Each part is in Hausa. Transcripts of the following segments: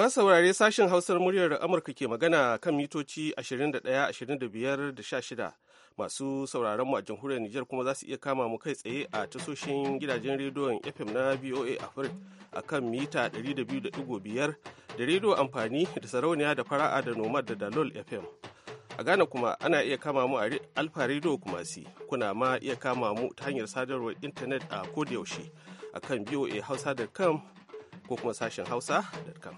Masu saurare sashen Hausar muryar Amurka ke magana kan mitoci 21-25-16 masu sauraron mu a jamhuriyar Nijar kuma za su iya kama mu kai tsaye a tasoshin gidajen rediyon FM na BOA Africa a kan mita 200.5 da rediyo amfani da sarauniya da fara'a da nomad da dalol FM. A Ghana kuma ana iya kama mu a Alfa Radio kuma si kuna ma iya kama mu ta hanyar sadarwar intanet a kodayaushe a kan boahausa.com ko kuma sashen hausa.com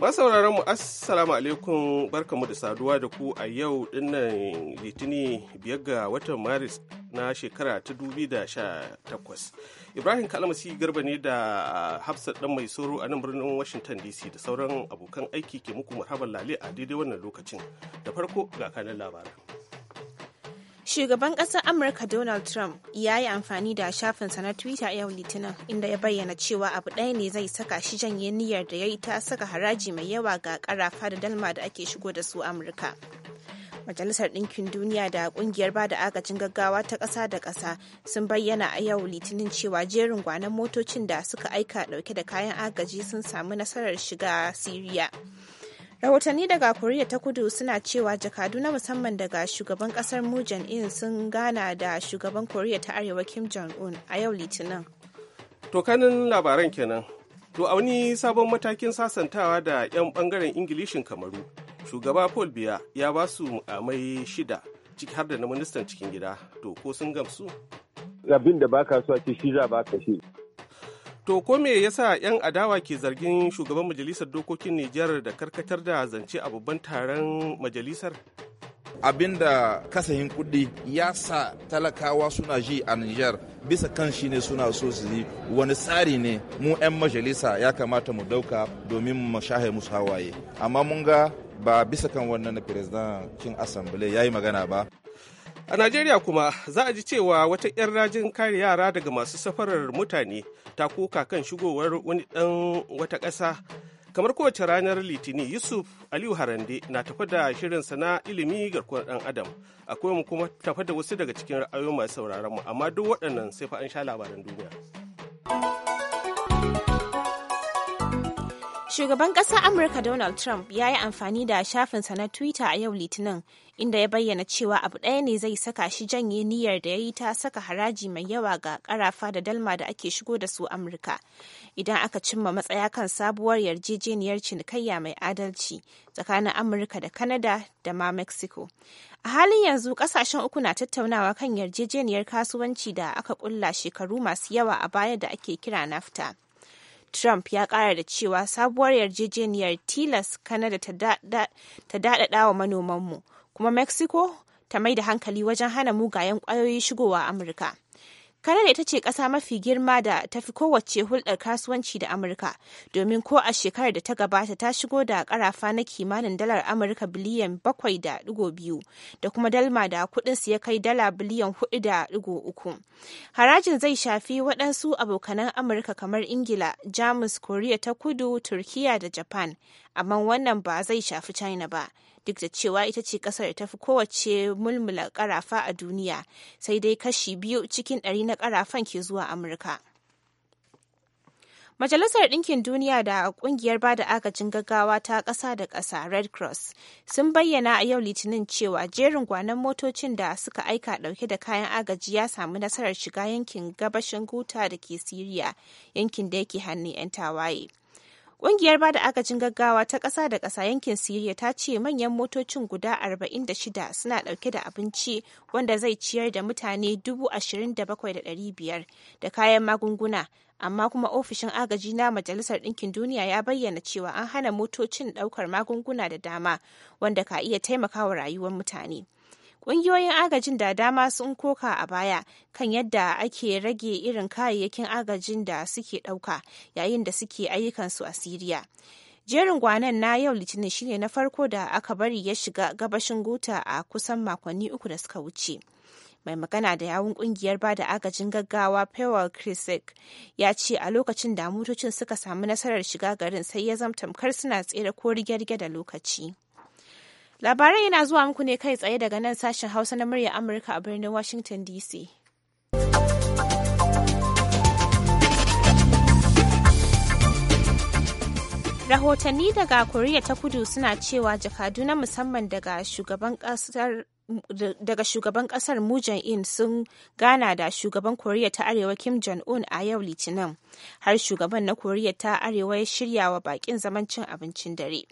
masauraran mu assalamu alaikum barkamu da saduwa da ku a yau dinnan litini biyar ga watan maris na shekara ta da takwas ibrahim kalamasi garba ne da hafsat dan mai soro a nan birnin washington dc da sauran abokan aiki ke muku marhaban lale a daidai wannan lokacin da farko ga kanin labaran Shugaban ƙasar Amurka Donald Trump ya yi amfani da shafinsa na Twitter yau Litinin inda ya bayyana cewa abu ɗaya ne zai saka shi janye niyyar da ya yi ta saka haraji mai yawa ga ƙarafa da dalma da ake shigo da su Amurka. Majalisar Ɗinkin Duniya da Ƙungiyar ba da Agajin Gaggawa ta ƙasa da ƙasa sun bayyana a yau Litinin cewa jerin gwanon motocin da suka aika ɗauke da kayan agaji sun samu nasarar shiga Siriya. rahotanni daga koriya ta kudu suna cewa jakadu na musamman daga shugaban kasar mu in sun gana da shugaban koriya ta arewa kim jong-un a yau litinin to kanin labaran kenan to a wani sabon matakin sasantawa da 'yan bangaren ingilishin kamaru shugaba paul biya ya ba su mukamai shida ciki har da na ministan cikin gida to ko sun gamsu abin da baka so a ce shi za baka shi To ko me yasa 'yan adawa ke zargin shugaban majalisar dokokin Nijar da karkatar da zance a babban taron majalisar? abin da kasahin kudi ya sa talakawa suna ji a Nijar bisa kan shi ne suna so su yi wani tsari ne mu 'yan majalisa ya kamata mu dauka domin mu shahe musu hawaye amma mun ga ba bisa kan wannan na cin asambile ya yi magana ba A Najeriya kuma za a ji cewa wata 'yan rajin kare yara daga masu safarar mutane ta kuka kan shigowar wani ɗan wata ƙasa. Kamar kowace ranar Litini Yusuf Aliyu Harande na tafa da shirin sana ilimi garkuwar ɗan Adam. Akwai mu kuma tafa da wasu daga cikin ra'ayoyin masu sauraron mu amma duk waɗannan sai fa an sha labaran duniya. Shugaban ƙasar Amurka Donald Trump ya yi amfani da shafinsa na Twitter a yau Litinin inda ya bayyana cewa abu ɗaya ne zai saka shi janye niyyar da ya yi ta saka haraji mai yawa ga ƙarafa da dalma da ake shigo da su Amurka. Idan aka cimma matsaya kan sabuwar yarjejeniyar cinikayya mai adalci tsakanin Amurka da kanada da ma Mexico. A halin yanzu kasashen uku na tattaunawa kan yarjejeniyar kasuwanci da aka kulla shekaru masu yawa a baya da ake kira NAFTA. Trump ya kara da cewa sabuwar yarjejeniyar tilas kanada ta daɗaɗa wa manomanmu. kuma mexico ta mai da hankali wajen hana mugayen kwayoyi shigowa amurka Kanada ita ce ƙasa mafi girma da ta fi kowace hulɗar kasuwanci da Amurka, domin ko a shekarar da ta gabata ta shigo da ƙarafa na kimanin dalar Amurka biliyan 7.2 da kuma dalma da kuɗinsu ya kai dala biliyan 4.3. Harajin zai shafi waɗansu abokanan Amurka kamar Ingila, Jamus, Koriya ta Kudu, Turkiya da Japan, amma wannan ba zai shafi China ba. duk da cewa ita ce kasar da fi kowace mulmula karafa a duniya sai dai kashi biyu cikin ɗari na karafan ke zuwa amurka Majalisar Ɗinkin Duniya da ƙungiyar bada agajin gaggawa ta ƙasa da ƙasa Red Cross sun bayyana a yau Litinin cewa jerin gwanon motocin da suka aika ɗauke da kayan agaji ya samu nasarar shiga yankin gabashin Guta da ke Siriya, yankin da yake hannun 'yan tawaye. Ƙungiyar bada agajin gaggawa ta ƙasa da ƙasa yankin Siriya ta ce manyan motocin guda 46 suna ɗauke da abinci wanda zai ciyar da mutane 27,500 da kayan magunguna, amma kuma ofishin agaji na Majalisar Ɗinkin Duniya ya bayyana cewa an hana motocin ɗaukar magunguna da dama wanda ka iya taimakawa rayuwar mutane. Ƙungiyoyin agajin da dama sun koka a baya kan yadda ake rage irin kayayyakin agajin da suke ɗauka yayin da suke ayyukansu a Siriya. Jerin gwanan na yau Litinin shine na farko da aka bari ya shiga gabashin Guta a kusan makonni uku da suka wuce. mai magana da yawun kungiyar bada agajin gaggawa pewol Krisik ya ce a lokacin da motocin suka samu nasarar shiga garin sai ya zama tamkar suna tsere ko rige-rige da lokaci. labarai yana zuwa muku ne kai tsaye daga nan sashen Hausa na murya Amurka a birnin Washington DC. Rahotanni daga Koriya ta Kudu suna cewa jakadu na musamman daga shugaban kasar daga shugaban kasar in sun gana da shugaban Koriya ta Arewa Kim Jong-un a yau Litinin, har shugaban na Koriya ta Arewa ya shirya wa bakin zaman cin abincin dare.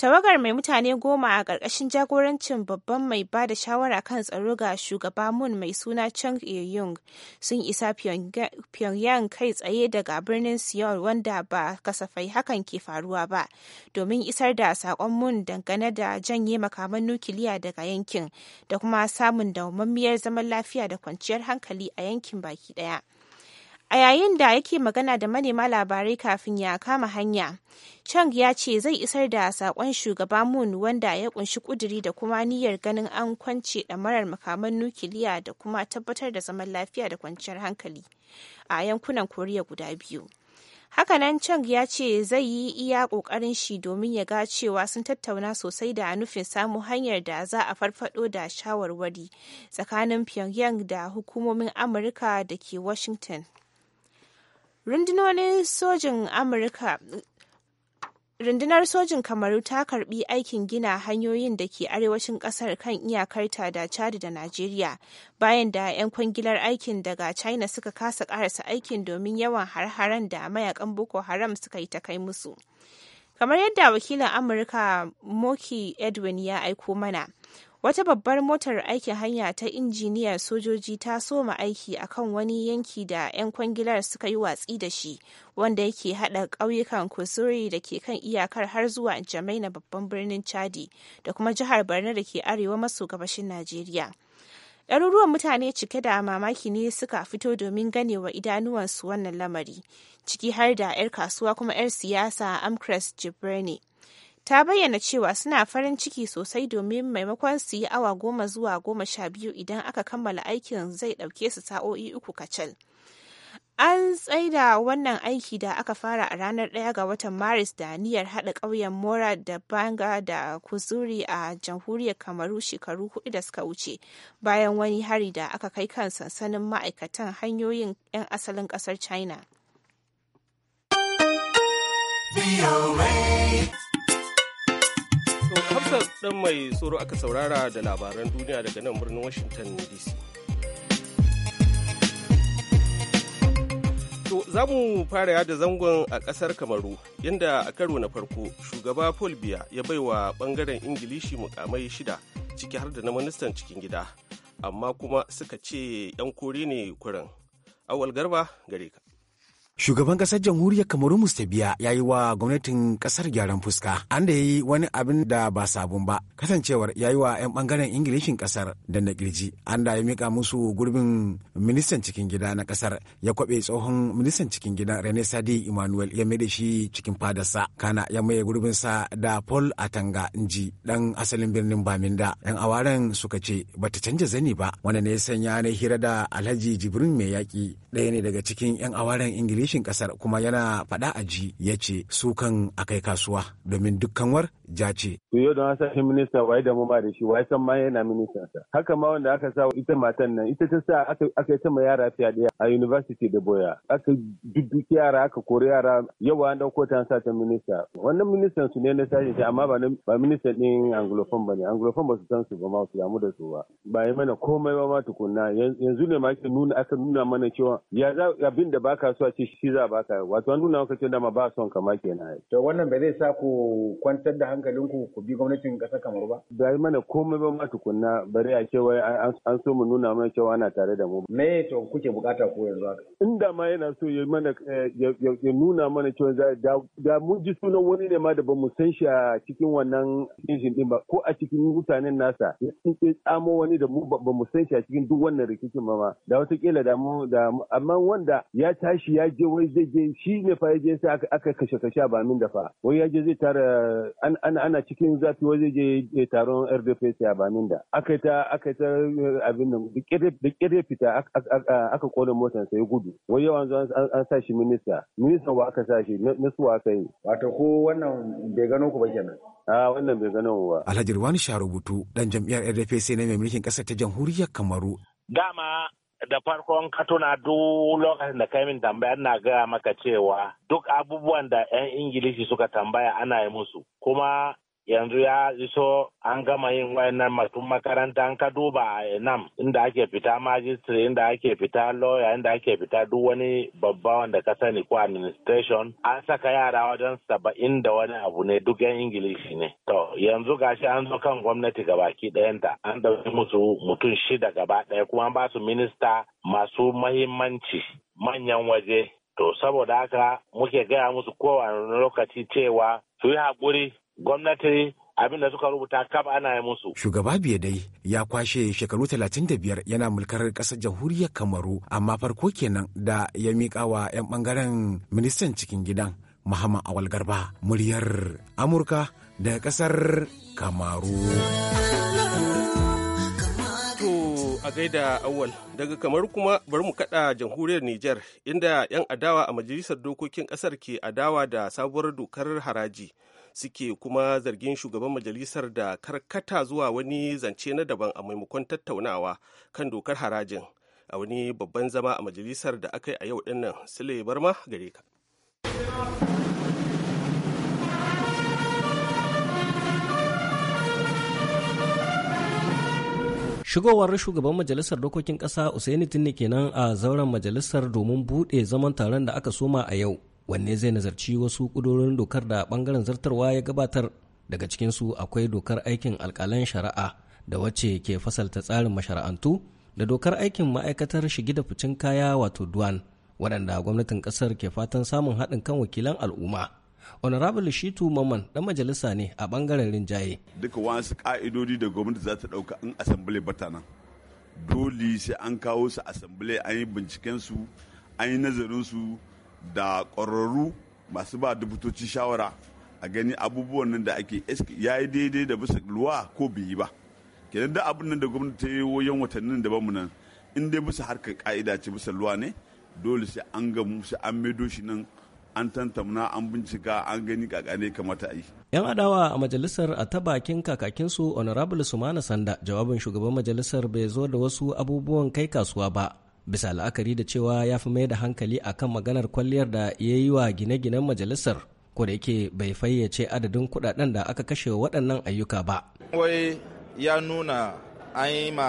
Tawagar mai mutane goma a ƙarƙashin jagorancin babban mai ba da shawara kan tsaro ga shugaba mun mai suna Chung Il-yung sun isa Pyongyang kai tsaye daga birnin Seoul wanda ba kasafai hakan ke faruwa ba domin isar da saƙon mun dangane da janye makaman nukiliya daga yankin da kuma samun dawwammamiyar zaman lafiya da kwanciyar hankali a yankin baki ɗaya. A yayin da yake magana da manema labarai kafin ya kama hanya, Chang ya ce zai isar da sakon shugaba Moon wanda ya kunshi kuduri da kuma niyyar ganin an kwance damarar makaman nukiliya da kuma tabbatar da zaman lafiya da kwanciyar hankali a yankunan Koriya guda biyu. Hakanan Chang ya ce zai yi iya kokarin shi domin ya ga cewa sun tattauna sosai da nufin samu hanyar da za a farfado da shawarwari tsakanin Pyongyang da hukumomin Amurka da ke Washington. rundunonin sojin amurka rundunar sojin kamaru ta karbi aikin gina hanyoyin da ke arewacin kasar kan iyakarta da chad da najeriya bayan da 'yan kwangilar aikin daga china suka kasa karasa aikin domin yawan har-haren da mayakan boko haram suka yi ta kai musu kamar yadda wakilin amurka moki edwin ya aiko mana Wata babbar motar aikin hanya ta injiniyar sojoji ta soma aiki a kan wani yanki da 'yan kwangilar suka yi watsi da shi, wanda yake hada ƙauyukan Kusuri da ke kan iyakar har zuwa Jamaina babban birnin Chadi da kuma jihar Borno da ke arewa maso gabashin Najeriya. ɗaruruwan mutane cike da mamaki ne suka fito domin ganewa idanuwansu wannan lamari ciki har da 'yar kasuwa kuma 'yar siyasa amcres jibrani. ta bayyana cewa suna farin ciki sosai domin maimakon su yi awa goma zuwa goma sha biyu idan aka kammala aikin zai ɗauke su sa'o'i uku kacal. An tsaida wannan aiki da aka fara a ranar 1 ga watan Maris da niyyar haɗa ƙauyen Mora da Banga da Kuzuri a jamhuriyar Kamaru shekaru hudu da suka wuce bayan wani hari da aka kai kan sansanin ma'aikatan hanyoyin 'yan asalin ƙasar China. Hafsat ɗan mai tsoro aka saurara da labaran duniya daga nan birnin Washington DC. To za mu fara yada zangon a ƙasar Kamaru, yadda a karo na farko shugaba Paul Biya ya wa ɓangaren Ingilishi mukamai shida ciki har da na ministan cikin gida, amma kuma suka ce 'yan kore ne kurin. Awal garba gare ka. shugaban kasar jamhuriyar kamaru biya ya yi wa gwamnatin kasar gyaran fuska an da ya yi wani abin da ba sabon ba kasancewar ya yi wa 'yan bangaren ingilishin kasar da na kirji an da ya mika musu gurbin ministan cikin gida na kasar ya kwaɓe tsohon ministan cikin gida rene sadi emmanuel ya maida shi cikin fadarsa kana ya maye gurbin sa da paul atanga inji dan asalin birnin baminda yan awaren suka ce bata canza zani ba wanda ne ya sanya na hira da alhaji jibrin mai yaƙi ɗaya ne daga cikin yan awaren ingilishin kishin kasar kuma yana faɗa a ji ya ce su kan akai kasuwa domin dukkan war jace. To yau da wasa shi minista wai da mu ba da shi wai san ma yana minista sa. Haka ma wanda aka sa ita matan nan ita ta sa aka ta ma yara da a university da boya. Aka dubbuki yara aka kori yara yawa an dauko ta sa ta minista. Wannan ministan su ne na sashi shi amma ba ba ministan ɗin anglophone bane. Anglophone ba su san su ba ma su damu da su ba. Ba yi mana komai ba ma tukunna yanzu ne ma aka nuna aka nuna mana cewa ya za abin da baka so a ce shi za baka. Wato an nuna maka cewa ma ba son kama kenan. To wannan ba zai sa ku kwantar da hankali hankalinku ku bi gwamnatin ƙasar Kamaru ba? Ba mana komai ba ma tukunna bari a cewa an so mu nuna mana cewa ana tare da mu. Me to kuke bukata ko yanzu haka? Inda ma yana so ya mana eh, ya nuna mana cewa da mun ji sunan wani ne ma da ba mu san shi a cikin wannan injin din ba ko a cikin mutanen nasa ya tsamo wani da mu ba mu san shi a cikin duk wannan rikicin ba ma da wata kila da mu da amma wanda ya tashi ya je wai zai je shi ne fa ya je sai aka kashe kashe ba min da fa wai ya je zai tara an ana ana cikin zafi waje je taron RDP, a Baminda aka ta aka ta eh, abin nan da kire fita aka kona motar sai gudu wai yawan zuwa an sa shi minista ministan wa aka sa shi na su aka yi wato ko wannan bai gano ku ba kenan a wannan bai gano ba Alhaji Ruwani Sharubutu dan jam'iyyar sai ne mai mulkin kasar ta jamhuriyar Kamaru dama da farkon katuna duk lokacin da kai min tambaya na gaya maka cewa duk abubuwan da 'yan ingilishi suka tambaya ana yi musu kuma yanzu ya iso an gama yin wayannan masu makaranta an ka duba a nam inda ake fita majistri inda ake fita lawyer inda ake fita duk wani babba wanda ka sani ko administration an saka yara wajen saba'in da wani abu ne duk yan ingilishi ne to yanzu gashi an zo kan gwamnati gabaki ta. an dauki musu mutum shida gaba daya kuma ba su minista masu mahimmanci manyan waje to saboda haka muke gaya musu kowane lokaci cewa su yi haƙuri gwamnati abin da suka rubuta kaf ana yi musu. Shugaba biye dai ya kwashe shekaru talatin da biyar yana mulkar ƙasar jamhuriyar Kamaru amma farko kenan da ya miƙa wa 'yan ɓangaren ministan cikin gidan Muhammad Awal Garba muryar Amurka da ƙasar Kamaru. To a gaida awal daga kamar kuma bari mu kada jamhuriyar Nijar inda 'yan adawa a majalisar dokokin ƙasar ke adawa da sabuwar dokar haraji. suke kuma zargin shugaban majalisar da karkata zuwa wani zance na daban a maimakon tattaunawa kan dokar harajin a wani babban zama a majalisar da aka yi a yau dinnan sule barma gare ka shigowar shugaban majalisar dokokin kasa usaini tinni kenan a zauren majalisar domin buɗe zaman taron da aka soma a yau wanne zai nazarci wasu ƙudurorin dokar da ɓangaren zartarwa ya gabatar daga cikinsu akwai dokar aikin alƙalan shari'a da wacce ke fasalta tsarin mashara'antu da dokar aikin ma'aikatar shige da ficin kaya wato duwan waɗanda gwamnatin ƙasar ke fatan samun haɗin kan wakilan al'umma honorable shitu maman dan majalisa ne a bangaren rinjaye duka wasu ka'idodi da gwamnati za ta dauka in asambile bata nan dole sai an kawo su asambile an yi binciken su an yi nazarin su da ƙwararru masu ba dubutoci shawara a gani abubuwan nan da ake ya yi daidai da bisa luwa ko biyi ba kenan da abin nan da gwamnati ta yi 'yan watannin da bamu nan in dai bisa harkar ka'ida ce bisa luwa ne dole sai an gamu sai an maido shi nan an tantamna an bincika an gani kakane kamata a yi. Yan adawa a majalisar a ta bakin kakakinsu Honorable Sumana Sanda jawabin shugaban majalisar bai zo da wasu abubuwan kai kasuwa ba bisa la'akari da cewa ya fi mai da hankali a kan maganar kwalliyar da ya yi wa gine-ginen majalisar ko da yake bai fayyace adadin kudaden da aka kashe waɗannan ayyuka ba wai ya nuna an yi ma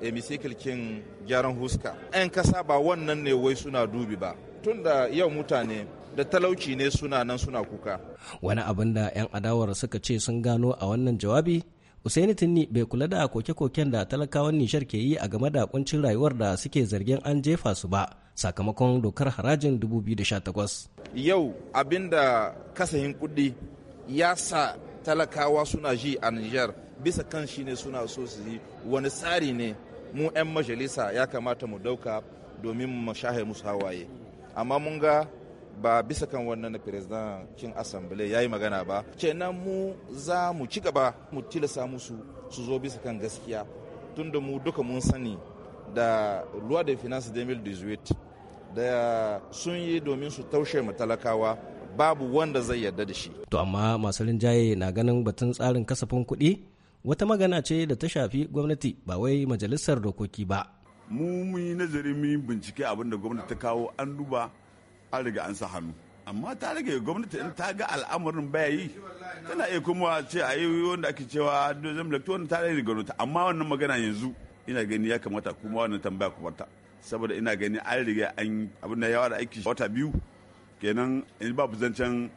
emisikilkin eh, gyaran huska 'yan kasa ba wannan ne wai suna dubi ba tun da yau mutane da talauci ne suna nan suna kuka wani abin da 'yan adawar suka ce sun gano a wannan jawabi Usaini Tinni bai kula da koke-koken da talakawan Nishar ke yi a game da kuncin rayuwar da suke zargin an jefa su ba sakamakon dokar harajin 2018. Yau abin da kasahin kuɗi ya sa talakawa suna ji a Nijar bisa kan shi ne suna so su yi wani tsari ne mu 'yan majalisa ya kamata mu ɗauka domin mu shahe musu hawaye. Amma mun ga ba bisa kan wannan na firistan kin asambile ya yi magana ba kenan mu za mu ci gaba mu tilasa musu su zo bisa kan gaskiya tunda mu duka mun sani da luwa da finance 2018 da sun yi domin su taushe mu talakawa babu wanda zai yarda da shi to amma masu rinjaye na ganin batun tsarin kasafin kuɗi wata magana ce da ta shafi gwamnati ba wai majalisar dokoki ba mu mun yi nazari mun bincike abin da gwamnati ta kawo an duba an riga an sa hannu amma ta rage gwamnati in ta ga al'amarin baya yi tana iya kuma ce a yi wanda ake cewa dozen black tone ta rage gwamnati amma wannan magana yanzu ina gani ya kamata kuma wannan tambaya ku barta saboda ina gani an riga an abin da yawa da aiki wata biyu kenan in babu zancen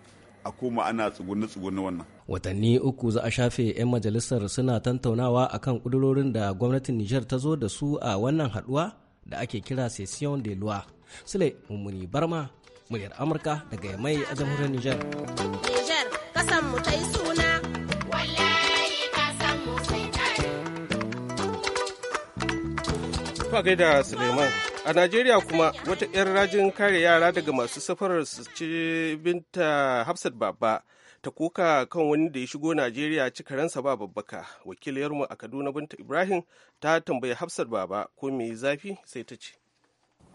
a koma ana tsugunni tsugunni wannan watanni uku za a shafe 'yan majalisar suna tantaunawa akan kudurorin da gwamnatin nijar ta zo da su a wannan haduwa da ake kira session de loi sule mummuni barma muryar amurka daga yamai a jamhuriyar niger niger kasan mu ta suna wallahi kasan mu sai ta gaida suleiman a najeriya kuma wata 'yan rajin kare yara daga masu safarar su ci binta hafsat baba ta kuka kan wani da ya shigo najeriya cika ransa ba babbaka wakiliyarmu a kaduna binta ibrahim ta tambayi hafsat baba ko mai zafi sai ta ce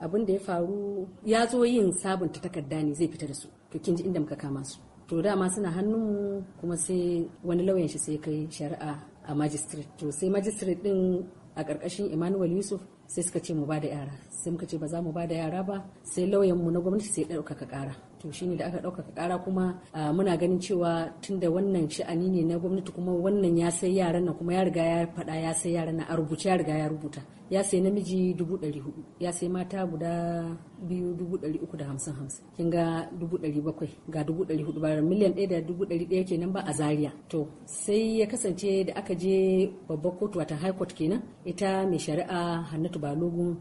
abin da ya faru ya zo yin sabunta takarda ne zai fita da su to kin ji inda muka kama su to dama suna hannun mu kuma sai wani lauyan shi sai kai shari'a a magistrate to sai magistrate din a ƙarƙashin Emmanuel Yusuf sai suka ce mu ba da yara sai muka ce ba za mu ba da yara ba sai lauyanmu na gwamnati sai ɗaukaka ƙara to shine da aka ɗaukaka ƙara kuma ah, muna ganin cewa tunda wannan sha'ani ne na gwamnati kuma wannan ya sai yaran nan kuma ya riga ya faɗa ya sai yaran nan a rubuce ya riga ya rubuta ya sai namiji dubu ɗari hudu ya sai mata guda biyu dubu ɗari uku da hamsin hamsin kin ga dubu ɗari bakwai ga dubu ɗari hudu bayan miliyan ɗaya da dubu ɗari ɗaya kenan ba a zaria to sai ya kasance da aka je babbar kotu wata high court kenan ita mai shari'a hannatu balogun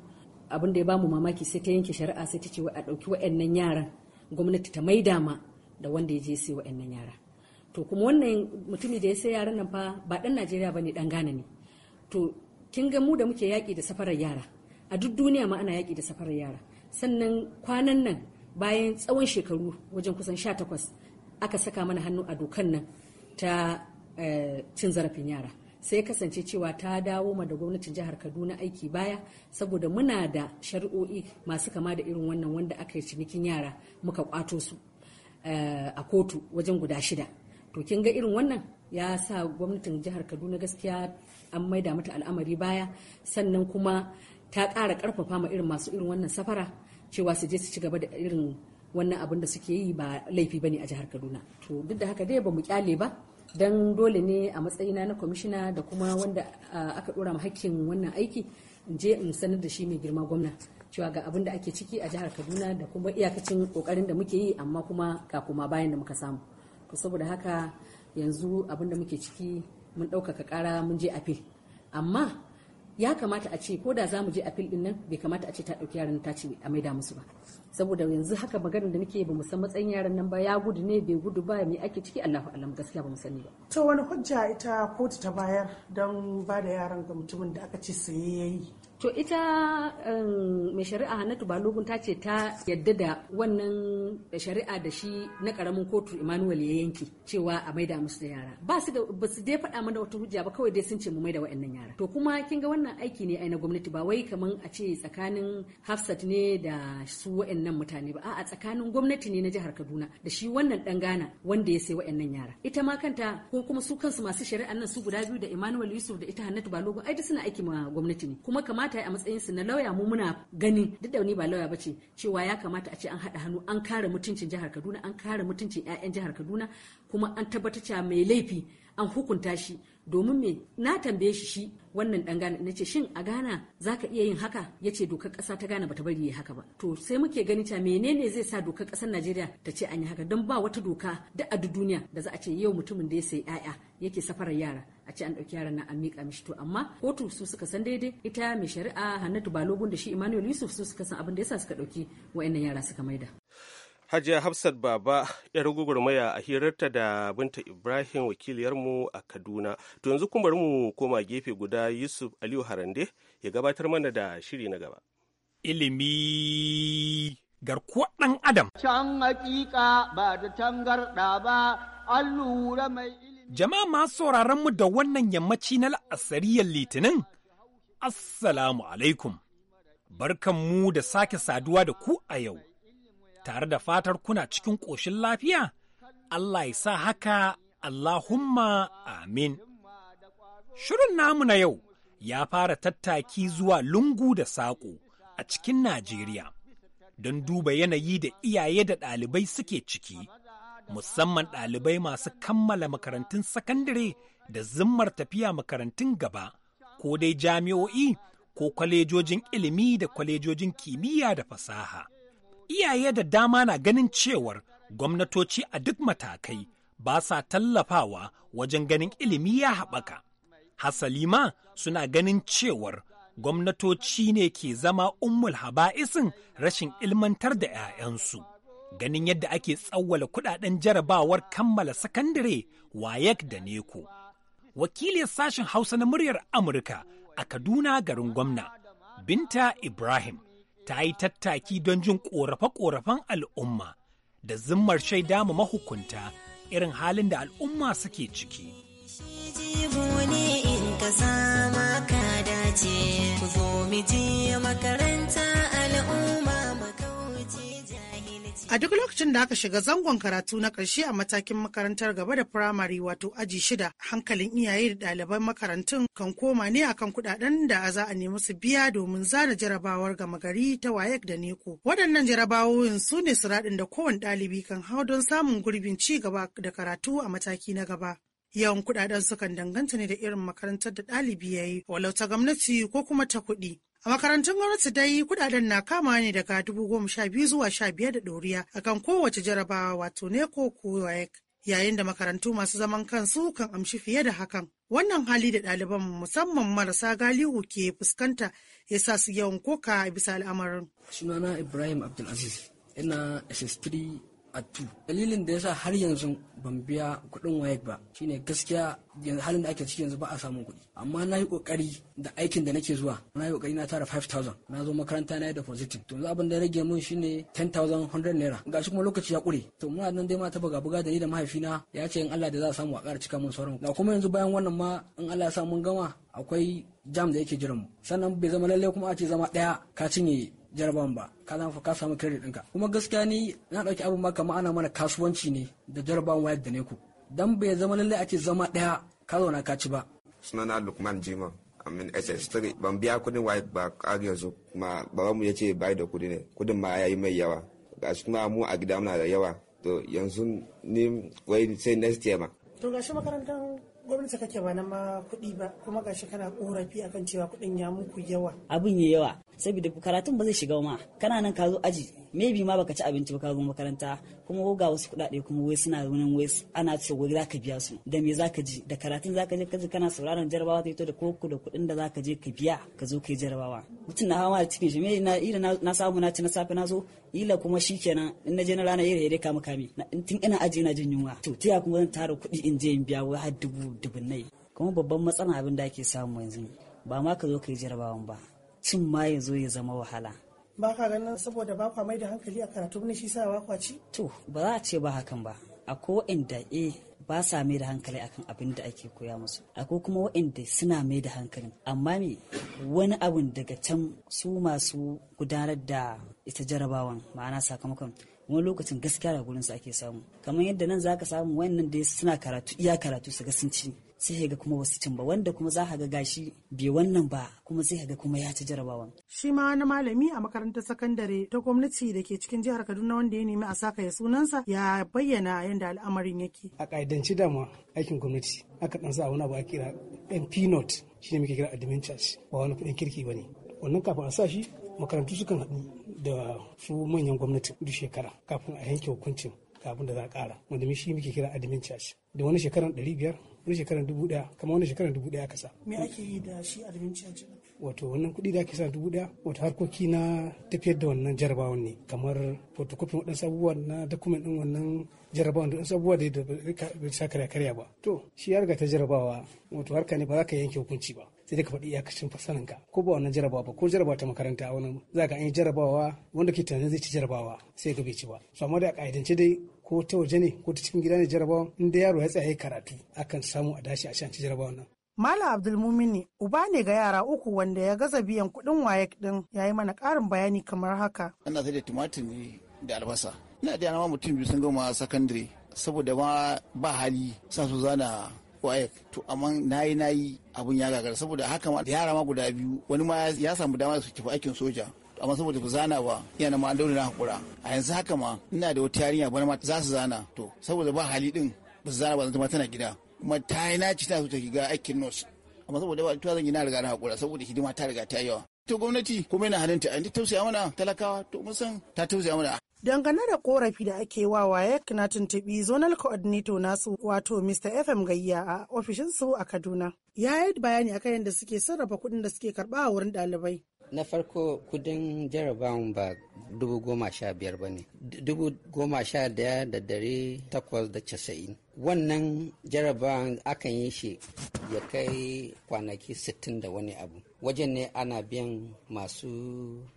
abin da ya bamu mamaki sai ta yanke shari'a sai ta ce a ɗauki wa'annan yaran gwamnati ta maida ma da wanda ya je sai wa'annan yara to kuma wannan mutumi da ya sai yaran nan fa ba dan Najeriya bane dan Ghana ne to kin ga mu da muke yaki da safarar yara a duk duniya ma ana yaki da safarar yara sannan kwanan nan bayan tsawon shekaru wajen kusan sha takwas, aka saka mana hannu a dokan nan ta eh, cin zarafin yara sai kasance cewa ta dawo ma da gwamnatin jihar kaduna aiki baya saboda muna da shari'o'i masu kama da irin wannan wanda aka yi cinikin yara muka kwato su eh, a kotu wajen guda shida to kin ga irin wannan ya sa gwamnatin jihar kaduna gaskiya an maida mata al'amari baya sannan kuma ta ƙara ƙarfafa ma irin masu irin wannan safara cewa su je su ci gaba da irin wannan abin da suke yi ba laifi bane a jihar kaduna to duk da haka dai bamu mu kyale ba don dole ne a matsayina na kwamishina da kuma wanda ah, aka dora ma hakkin wannan aiki in je in sanar da shi mai girma gwamna cewa ga abin da ake ciki a jihar kaduna da kuma iyakacin kokarin da muke yi amma kuma ga kuma bayan da muka samu to saboda haka yanzu abin da muke ciki mun ɗaukaka ƙara mun je afe amma ya kamata a ce ko da za mu je fil din nan bai kamata a ce ta ɗauki yaran ta ce a maida musu ba saboda yanzu haka maganar da nake ba mu san matsayin yaran nan ba ya gudu ne bai gudu ba mai ake ciki Allahu alam gaskiya ba mu sani ba to wani hujja ita kotu ta bayar don ba da yaran ga mutumin da aka ce sai yayi To ita um, mai shari'a Hannatu Balogun ta ce ta yadda da wannan shari'a da shi na karamin kotu Emmanuel ya yanke cewa a maida musu da yara. Ba su da ba su dai faɗa mana wata hujja ba kawai dai sun ce mu maida waɗannan yara. To kuma kin ga wannan aiki ne ai na gwamnati ba wai kaman a ce tsakanin Hafsat ne da su waɗannan mutane ba a'a tsakanin gwamnati ne na jihar Kaduna da shi wannan dan Ghana wanda ya sai waɗannan yara. Ita ma kanta ko kuma su kansu masu shari'a nan su guda biyu da Emmanuel Yusuf da ita Hannatu Balogun ai suna aiki ma gwamnati ne. Kuma kamar kamata a matsayin su na lauya mu muna gani duk da ni ba lauya bace cewa ya kamata a ce an haɗa hannu an kare mutuncin jihar Kaduna an kare mutuncin 'ya'yan jihar Kaduna kuma an tabbatar cewa mai laifi an hukunta shi domin me na tambaye shi shi wannan dan Ghana ce shin a Ghana zaka iya yin haka yace dokar kasa ta Ghana bata bari yi haka ba to sai muke gani ta menene zai sa dokar kasar Najeriya ta ce an yi haka don ba wata doka da a duniya da za a ce yau mutumin da ya sayi 'ya'ya yake safarar yara a ce an ɗauki yaran nan an miƙa mishi to amma kotu su suka san daidai ita mai shari'a Hannatu Balogun da shi Emmanuel Yusuf su suka san abin da yasa suka ɗauki wa'annan yara suka maida Hajiya Hafsat Baba yar gwagwarmaya a hirarta da Binta Ibrahim wakiliyarmu a Kaduna. To yanzu kuma bari mu koma gefe guda Yusuf Aliyu Harande ya gabatar mana da shiri na gaba. Ilimi garkuwa ɗan Adam. Can hakika ba da tangarɗa ba, an lura mai ilimi. Jama'a masu sauraron mu da wannan yammaci na la'asariyar Litinin. Assalamu alaikum. Barkan mu da sake saduwa da ku a yau. tare da fatar kuna cikin ƙoshin lafiya? Allah ya sa haka Allahumma amin. Shirin namu na yau ya fara tattaki zuwa lungu da saƙo a cikin Najeriya don duba yanayi da iyaye da ɗalibai suke ciki, musamman ɗalibai masu kammala makarantun sakandare da zimmar tafiya makarantun gaba, ko dai jami'o'i ko kwalejojin ilimi da kwalejojin kimiyya da fasaha. iyaye da dama na ganin cewar gwamnatoci a duk matakai ba sa tallafawa wajen ganin ilimi ya haɓaka. Hasali ma suna ganin cewar gwamnatoci ne ke zama ummul haba'isin rashin ilmantar da 'ya'yansu. Ganin yadda ake tsawwala kudaden jarabawar kammala sakandare wayek da neko. wakili sashen Hausa na muryar Amurka a Kaduna garin gwamna, Binta Ibrahim ta yi tattaki don jin ƙorafe-ƙorafen al'umma da zimmar shaida ma mahukunta irin halin da al'umma suke ciki. makaranta al'umma. A duk lokacin da aka shiga zangon karatu na ƙarshe a matakin makarantar gaba da firamare wato aji shida, hankalin iyaye da ɗaliban makarantun kan koma ne akan kuɗaɗen da za a nemi su biya domin zana jarabawar gama gari ta wayek da neko. Waɗannan jarabawoyin su ne siraɗin da kowane ɗalibi kan hau don samun gurbin ci gaba da karatu a mataki na gaba. Yawan kuɗaɗen sukan danganta ne da irin makarantar da ɗalibi ya yi, walau ta gwamnati ko kuma ta kuɗi. A makarantun gwamnati dai kudaden na kama ne daga dubu goma sha biyu zuwa sha biyar da ɗoriya akan kowace jarabawa wato neko ko WAEC. Yayin da makarantu masu zaman kansu kan amshi fiye da hakan. Wannan hali da ɗaliban musamman marasa galihu ke fuskanta ya sa su yawan koka bisa al'amarin. Sunana Ibrahim Abdulaziz, ina SS3 a 2. Dalilin da ya sa har yanzu ban biya kuɗin wayek ba shine gaskiya yanzu halin da ake ciki yanzu ba a samun kuɗi amma na yi ƙoƙari da aikin da nake zuwa na yi ƙoƙari na tara 5000 na zo makaranta na yi depositin to yanzu abin da rage mun shine 10100 naira ga shi kuma lokaci ya ƙure to muna nan dai ma ta buga buga da ni da mahaifina ya ce in Allah da za a samu a ƙara cika mun sauran ga kuma yanzu bayan wannan ma in Allah ya sa mun gama akwai jam da yake jiran mu sannan bai zama lallai kuma a ce zama ɗaya ka cinye jarabawan ba ka zama ka samu kredit ɗinka kuma gaskiya ni na ɗauki abin ma kamar ana mana kasuwanci ne da jarabawan wayar da ne ku dan bai zama lallai ake zama ɗaya ka zauna ka ci ba. sunana lukman jima amin ss3 ban biya kudin wayar ba ƙari yanzu kuma mu ya ce bai da kudi ne kudin ma ya yi mai yawa ga shi kuma mu a gida muna da yawa to yanzu ni wai sai next year ma. to ga shi makarantar gwamnati kake ba na ma kuɗi ba kuma gashi kana korafi akan cewa kuɗin ya muku yawa abin ya yawa saboda karatun ba zai shiga ma kana nan ka zo aji maybe ma baka ci abinci ba ka zo makaranta kuma ga wasu kuɗaɗe kuma wai suna nan wai ana so wai zaka biya su da me zaka ji da karatun zaka je kaji kana sauraron jarabawa ta to da koko da kuɗin da zaka je ka biya ka zo kai jarabawa mutum na hawa a cikin shi me na ina na samu na ci na safe na zo ila kuma shikenan in na je na rana ire ire kama kame tun ina aji ina jin yunwa to ta kuma zan tara kuɗi in je in biya wai har dubu dubunnai kuma babban matsalan abin da ake samu yanzu ba ma ka zo ka yi jarabawan ba cin ma ya zo ya zama wahala ba ka ganin saboda ba kwa mai da hankali a karatu ne shi sa ba kwa ci to ba za a ce ba hakan ba a ko inda e ba sa mai da hankali akan abin da ake koya musu a ko kuma waɗanda suna mai da hankali amma me wani abun daga can su masu gudanar da ita jarabawan ma'ana sakamakon wani lokacin gaskiya da gurin su ake samu kamar yadda nan zaka samu wayannan dai suna karatu iya karatu su ga sun ci sai ga kuma wasu cin ba wanda kuma za ka ga gashi bai wannan ba kuma sai ga kuma ya ci jarabawan. Shi ma wani malami a makarantar sakandare ta gwamnati da ke cikin jihar Kaduna wanda ya nemi a saka ya sunansa ya bayyana yadda al'amarin yake. A ƙa'idanci dama aikin gwamnati aka ɗan sa wani abu a kira MP not shi ne muke kira admin charge ba wani kuɗin kirki ba ne. Wannan kafin a sa shi makarantu sukan haɗu da su manyan gwamnati duk shekara kafin a yanke hukuncin kafin da za a ƙara wanda shi muke kira admin charge da wani shekaran ɗari biyar wani shekaran dubu ɗaya kama wani shekaran dubu ɗaya sa. me ake yi da shi admin charge wato wannan kuɗi da ake sa dubu ɗaya wato harkoki na tafiyar da wannan jarabawan ne kamar photocopy waɗansu abubuwa na document ɗin wannan jarabawan da waɗansu abubuwa da bai sa karya karya ba to shi ya riga ta jarabawa wato harka ne ba za ka yanke hukunci ba sai ka faɗi iyakacin fasalin ka ko ba wannan jarabawa ba ko jarabawa ta makaranta a wani za ka yi jarabawa wanda ke tunanin zai ci jarabawa sai ka bai ci ba su amma da a ƙa'idance dai ko ta waje ne ko ta cikin gida ne jarabawa in da yaro ya tsaye karatu akan samu a dashi a shan ci jarabawa nan Mala Abdulmumini uba ne ga yara uku wanda ya gaza biyan kuɗin waye ɗin ya yi mana ƙarin bayani kamar haka. Ana sai da tumatir da albasa. Ina da yana mutum biyu sun gama sakandare saboda ma ba hali sa su zana waye to amma nayi nayi abun ya gagara saboda haka ma yara ma guda biyu wani ma ya samu dama su tafi aikin soja amma saboda ku zana ba yana ma dole na hakura a yanzu haka ma ina da wata yarinya bana ma za su zana to saboda ba hali din ba su zana ba zan tana gida kuma ta yi naci ta so ta ga aikin nurse amma saboda ba tuwa zan yi na riga na hakura saboda hidima ta riga ta yawa to gwamnati kuma yana ta an tausaya mana talakawa to mun san ta tausaya mana dangane da korafi da ake wa waye na tuntubi zonal coordinator nasu wato mr fm gayya a ofishinsu a kaduna ya yi bayani akan yadda suke sarrafa kuɗin da suke karɓa a wurin ɗalibai na farko kudin jarabawan ba dubu goma sha biyar ba ne dubu goma sha daya da dari takwas da casa'in wannan jarabawan akan yi shi ya kai kwanaki sittin da wani abu wajen ne ana biyan masu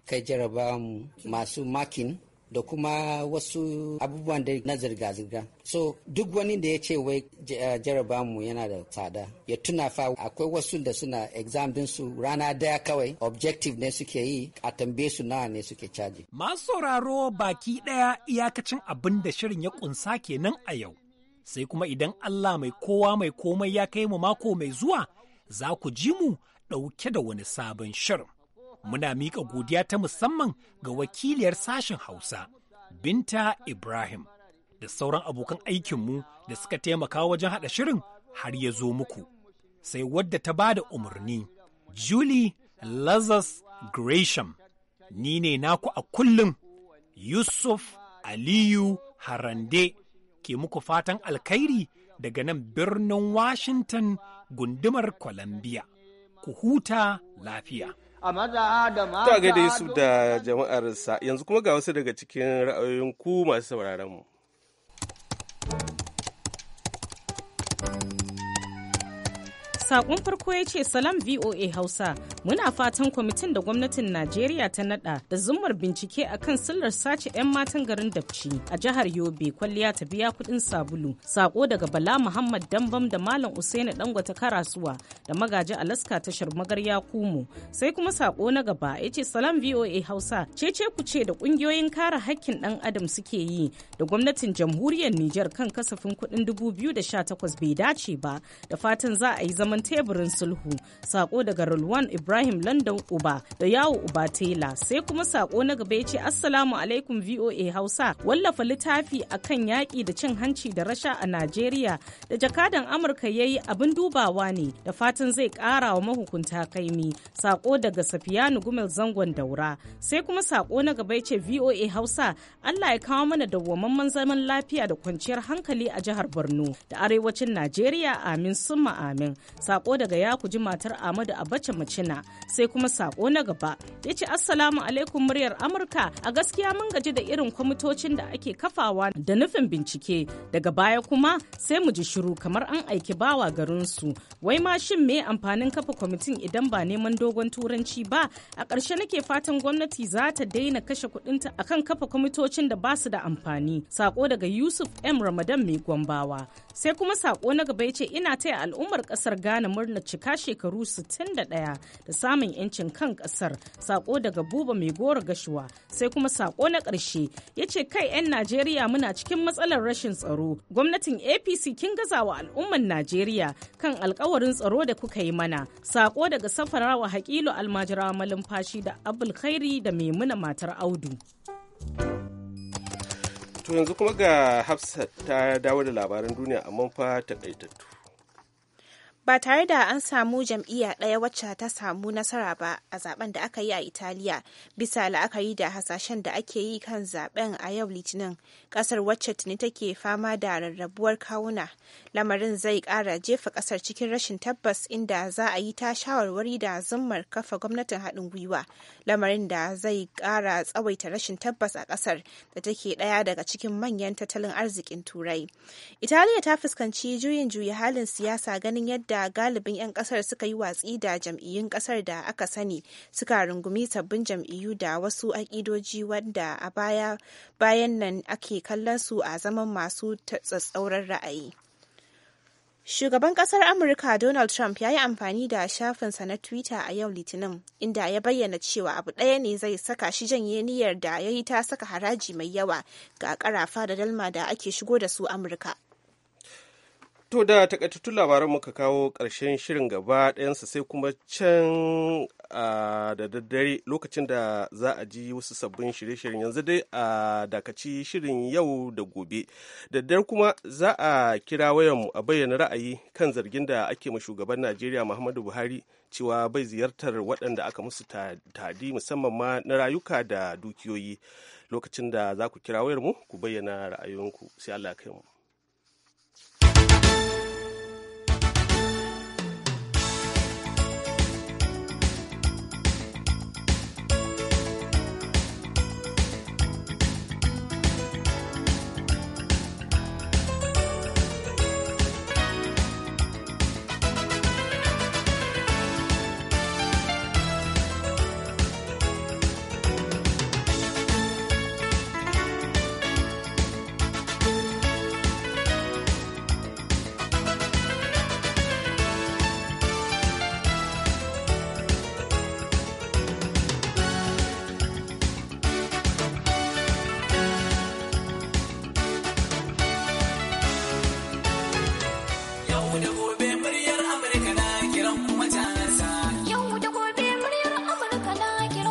kai jarabawan masu makin da kuma wasu abubuwan da na zirga-zirga so duk wani da ya ce wai eh, jaraba mu yana da tsada ya tuna fa akwai wasu da suna exam din su rana daya kawai objective ne suke yi a tambaye su nawa ne suke caji masu sauraro baki daya iyakacin abin da shirin ya kunsa kenan a yau sai kuma idan Allah mai kowa mai komai ya kai mu mako mai zuwa za ku ji mu ɗauke da wani sabon shirin muna miƙa godiya ta musamman ga wakiliyar sashen Hausa, Binta Ibrahim, da sauran abokan aikinmu da suka taimaka wajen haɗa shirin har ya zo muku. Sai wadda ta ba da umarni, Julie Lazarus Gresham, ni ne naku a kullum, Yusuf Aliyu Harande, ke muku fatan alkhairi daga nan birnin Washington gundumar Columbia. Ku huta lafiya. a maza Ta gaida su da jama'arsa yanzu kuma ga wasu daga cikin ra'ayoyin ku masu sauraron mu. Sakon farko ya ce Salam VOA Hausa, muna fatan kwamitin da gwamnatin Najeriya ta nada da zumar bincike akan sillar sace 'yan matan garin Dabci a jihar Yobe kwalliya ta biya kudin sabulu. Sako daga Bala Muhammad Dambam da Malam Usaini Dangwata Karasuwa da magaji Alaska tashar magarya Kumu. Sai kuma sako na gaba ya ce Salam VOA Hausa, cece ku ce da kungiyoyin kare hakkin dan adam suke yi da gwamnatin jamhuriyar Nijar kan kasafin kuɗin takwas bai dace ba da fatan za a yi zaman teburin sulhu sako daga Rulwan Ibrahim London Uba da yawo Uba Tela sai kuma sako na gaba ya ce Assalamu alaikum VOA Hausa wallafa littafi a kan yaƙi da cin hanci da rasha a Najeriya da jakadan Amurka ya yi abin dubawa ne da fatan zai ƙara wa mahukunta kaimi sako daga Safiyanu Gumel Zangon Daura sai kuma sako na gaba ya ce VOA Hausa Allah ya kawo mana dawwamamman zaman lafiya da kwanciyar hankali a jihar Borno da arewacin Najeriya amin summa amin Sako daga ya kuji matar Ahmadu Abacha Macina sai kuma sako na gaba ya ce Assalamu alaikum muryar Amurka a gaskiya mun gaji da irin kwamitocin da ake kafawa da nufin bincike daga baya kuma sai mu ji shiru kamar an aiki bawa garin su wai ma shin me amfanin kafa kwamitin idan ba neman dogon turanci ba a ƙarshe nake fatan gwamnati za ta daina kashe kuɗinta akan kafa kwamitocin da ba su da amfani sako daga Yusuf M Ramadan mai gwambawa sai kuma sako na gaba ya ce ina taya al'ummar ƙasar ga Ghana murna cika shekaru 61 da samun 'yancin kan kasar sako daga buba mai goro gashuwa sai kuma sako na ƙarshe ya ce kai 'yan Najeriya muna cikin matsalar rashin tsaro. Gwamnatin APC kin gaza wa al'umman Najeriya kan alkawarin tsaro da kuka yi mana. Sako daga safarawa hakilu almajirawa malumfashi da Abul Khairi da Maimuna matar Audu. To yanzu kuma ga Hafsat ta dawo da labaran duniya amma fa taƙaitattu. ba tare da an samu jam'iyya ɗaya wacce ta samu nasara ba a zaben da aka yi a italiya bisa la'akari da hasashen da ake yi kan zaben a yau litinin kasar wacce tuni take fama da rarrabuwar kawuna lamarin zai kara jefa kasar cikin rashin tabbas inda za a yi ta shawarwari da zummar kafa gwamnatin haɗin gwiwa lamarin da zai kara tsawaita rashin tabbas a kasar da take ɗaya daga cikin manyan tattalin arzikin turai italiya ta fuskanci juyin juya halin siyasa ganin yadda galibin 'yan kasar suka yi watsi da jam'iyyun kasar da aka sani suka rungumi sabbin jam'iyyu da wasu aƙidoji wanda a baya bayan nan ake kallon su a zaman masu tsatsauran ra'ayi. Shugaban kasar Amurka Donald Trump ya yi amfani da shafinsa na Twitter a yau Litinin, inda ya bayyana cewa abu ɗaya ne zai saka shi janye niyyar da ya yi ta saka haraji mai yawa ga ƙarafa da dalma da ake shigo da su Amurka. To da takaitattun labaran muka kawo karshen shirin gaba ɗayansa sai kuma can da daddare lokacin da za a ji wasu sabbin shirye-shiryen yanzu dai a dakaci shirin yau da gobe. Daddare kuma za a kira wayanmu a bayyana ra'ayi kan zargin da ake ma shugaban Najeriya Muhammadu Buhari cewa bai ziyartar waɗanda aka musu tadi musamman ma na rayuka da dukiyoyi. Lokacin da za ku kira wayarmu ku bayyana ra'ayoyinku sai Allah kai mu.